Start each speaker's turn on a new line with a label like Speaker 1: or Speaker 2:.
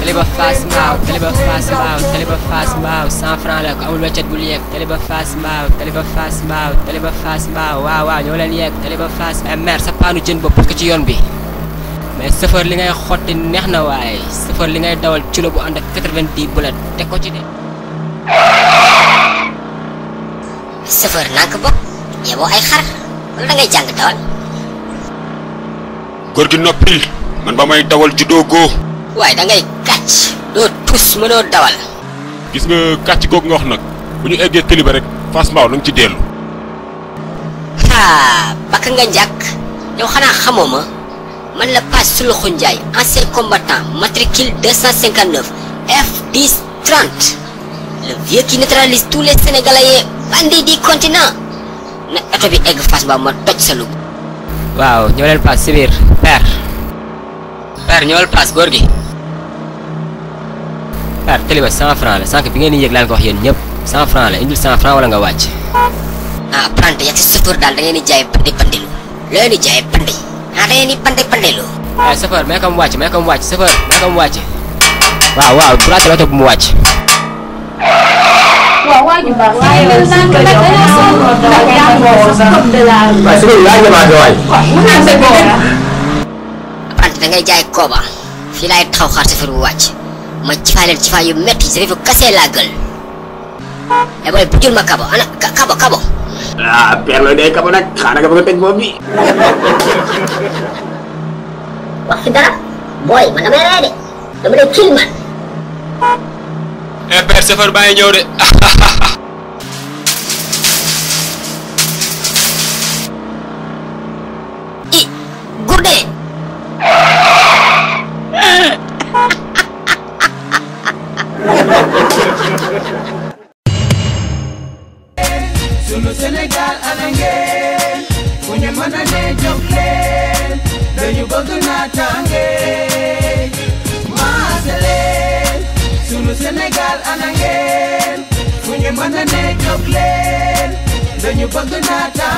Speaker 1: Calibre fast mouth, calibre fast mouth, calibre fast
Speaker 2: mouth, 100 francs la amul weccet bu liyeeg calibre face mouth, calibre face mouth, calibre face mouth, waaw waaw ñoo leen yeeg calibre face mère sa paanu jën bopp bi mais sëfër li ngay xotti neex na waaye sëfër li ngay dawal ci la bu ànd ak 90 bulet teg ko ci de.
Speaker 1: sëfër nànk bokk yeboo ay xar wala da jàng dawal.
Speaker 2: góor gi noppil man ba may dawal juddoo góo.
Speaker 1: waaye da kàcc doo tus mënoo dawal.
Speaker 2: gis nga kàcc googu nga wax nag bu ñu eggee këli rek Fass Mbaw na nga ci dellu.
Speaker 1: ah bakk nga njàkk yow xanaa xamoo ma. man la passe Souloukhou Ndiaye ancien combattant matricule 259 F10 30 le vieux qui neutralise tous les sénégalais bandits du continent na auto bi egg face ba ma toj sa lug
Speaker 2: waaw ñoo leen passe si Per. père père ñoo leen passe góor gi père télé ba 100 francs la sànq bi ngeen di yëg ko wax yéen ñëpp 100 francs la indil 100 francs wala nga wàcc ah prante yak si sëfër daal da ngeen di jaay bandi bandilu leen di jaay bandi Ada ini pandai-pandai lo. Eh, safar, mereka mu wace, mereka mu wace, safar, mereka mu wace. Waaw waaw, bura sa oto bu mu wace.
Speaker 1: Waaw waaju baax. Waaye lan lan la da ngay jaay kooba. Fii laay taxaw xaar safar bu wàcc. Ma ci faa leen ci faa yu metti, sa réefu kase gël. Eh boy, pujul mak kabo, anak ka, kabo kabo. Ah, perlu deh kabo nak karena kabo ketek bobi. Wah, kita boy, mana merah deh. Kamu deh kill man. Eh, Persephone bayar nyore. I, gurde. Ha ha ha
Speaker 2: ha ha ha. sunu Sénégal ana ngeen fu ñu mën a ne jóg leen dañu bëgg naataange maase leen sunu Sénégal ana ngeen fu ñu mën a ne jóg leen dañu bëgg naataange